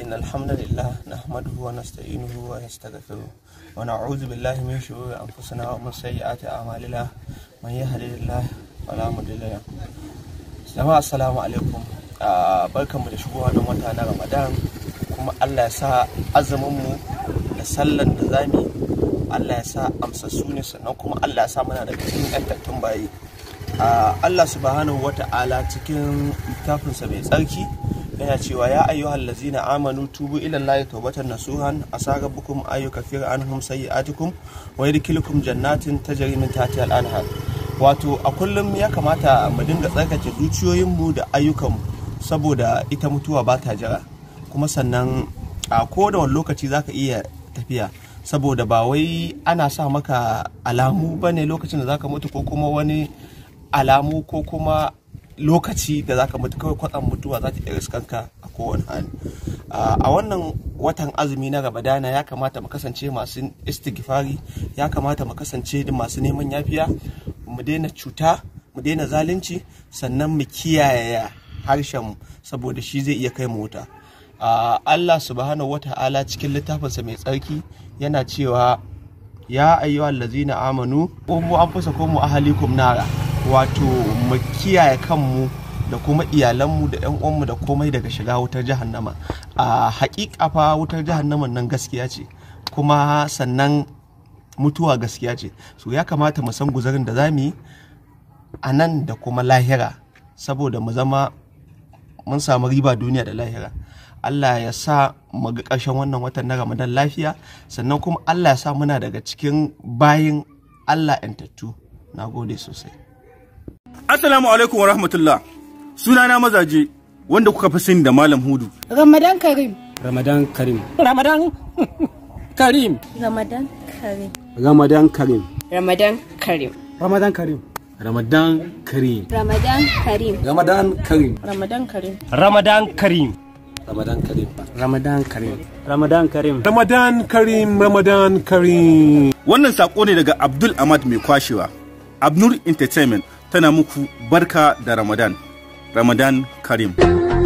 إن الحمد لله نحمده ونستعينه ونستغفره ونعوذ بالله من شرور أنفسنا ومن سيئات أعمالنا من يهد الله فلا مضل له jama'a assalamu alaikum barkanmu da shigowa don wata na ramadan kuma allah ya sa azuminmu da sallan da zami allah ya sa amsassu ne sannan kuma allah ya sa muna daga cikin yantattun bayi ah, allah subhanahu wata'ala cikin littafinsa bai tsarki yana cewa ya ayyuhal na amanu tubu ila Bukum, tawbatan nasuhan asagabukum ayyukaffir anhum sayyi'atikum wa yadkhilukum jannatin tajri min tahtiha al-anhar wato a kullum ya kamata mu dinga tsarkake zuciyoyinmu da ayyukanmu saboda ita mutuwa ba ta jira kuma sannan a wani lokaci za ka iya tafiya saboda ba wai ana sa maka alamu ba ne lokacin da za ka mutu ko kuma wani alamu ko kuma lokaci da zaka mutu kawai kwatsam mutuwa za ta iya riskanka a kowane hali a wannan watan azumi na rabadana ya kamata mu kasance masu istighfari ya kamata mu kasance da masu neman yafiya mu daina cuta mu daina zalunci sannan mu kiyaye harshen mu saboda shi zai iya kai mu wuta Allah subhanahu wata'ala cikin littafinsa mai tsarki yana cewa ya ayyuhallazina amanu qumu anfusakum wa ahlikum nara wato mu kiyaye kanmu da kuma iyalanmu da yan uwanmu da komai daga shiga wutar jahannama a hakika fa wutar jahannaman nan gaskiya ce kuma sannan mutuwa gaskiya ce so ya kamata mu san guzarin da zamu yi a nan da kuma lahira saboda mu zama mun samu riba duniya da lahira Allah ya sa mu ga ƙarshen wannan watan na Ramadan lafiya sannan kuma Allah ya sa muna daga cikin bayin Allah 'yantattu na gode sosai Assalamu alaikum wa rahmatullah. Sunana mazaje wanda kuka fi sani da Malam Hudu. Ramadan Karim. Ramadan Karim. Ramadan Karim. Ramadan Karim. Ramadan Karim. Ramadan Karim. Ramadan Karim. Ramadan Karim. Ramadan Karim. Ramadan Karim. Ramadan Karim. Ramadan Karim. Ramadan Karim. Ramadan Karim. Ramadan Karim. Ramadan Karim. Ramadan Karim. Wannan sako ne daga Abdul Ahmad mai kwashewa. Abnur Entertainment. tana muku barka da Ramadan. Ramadan Karim.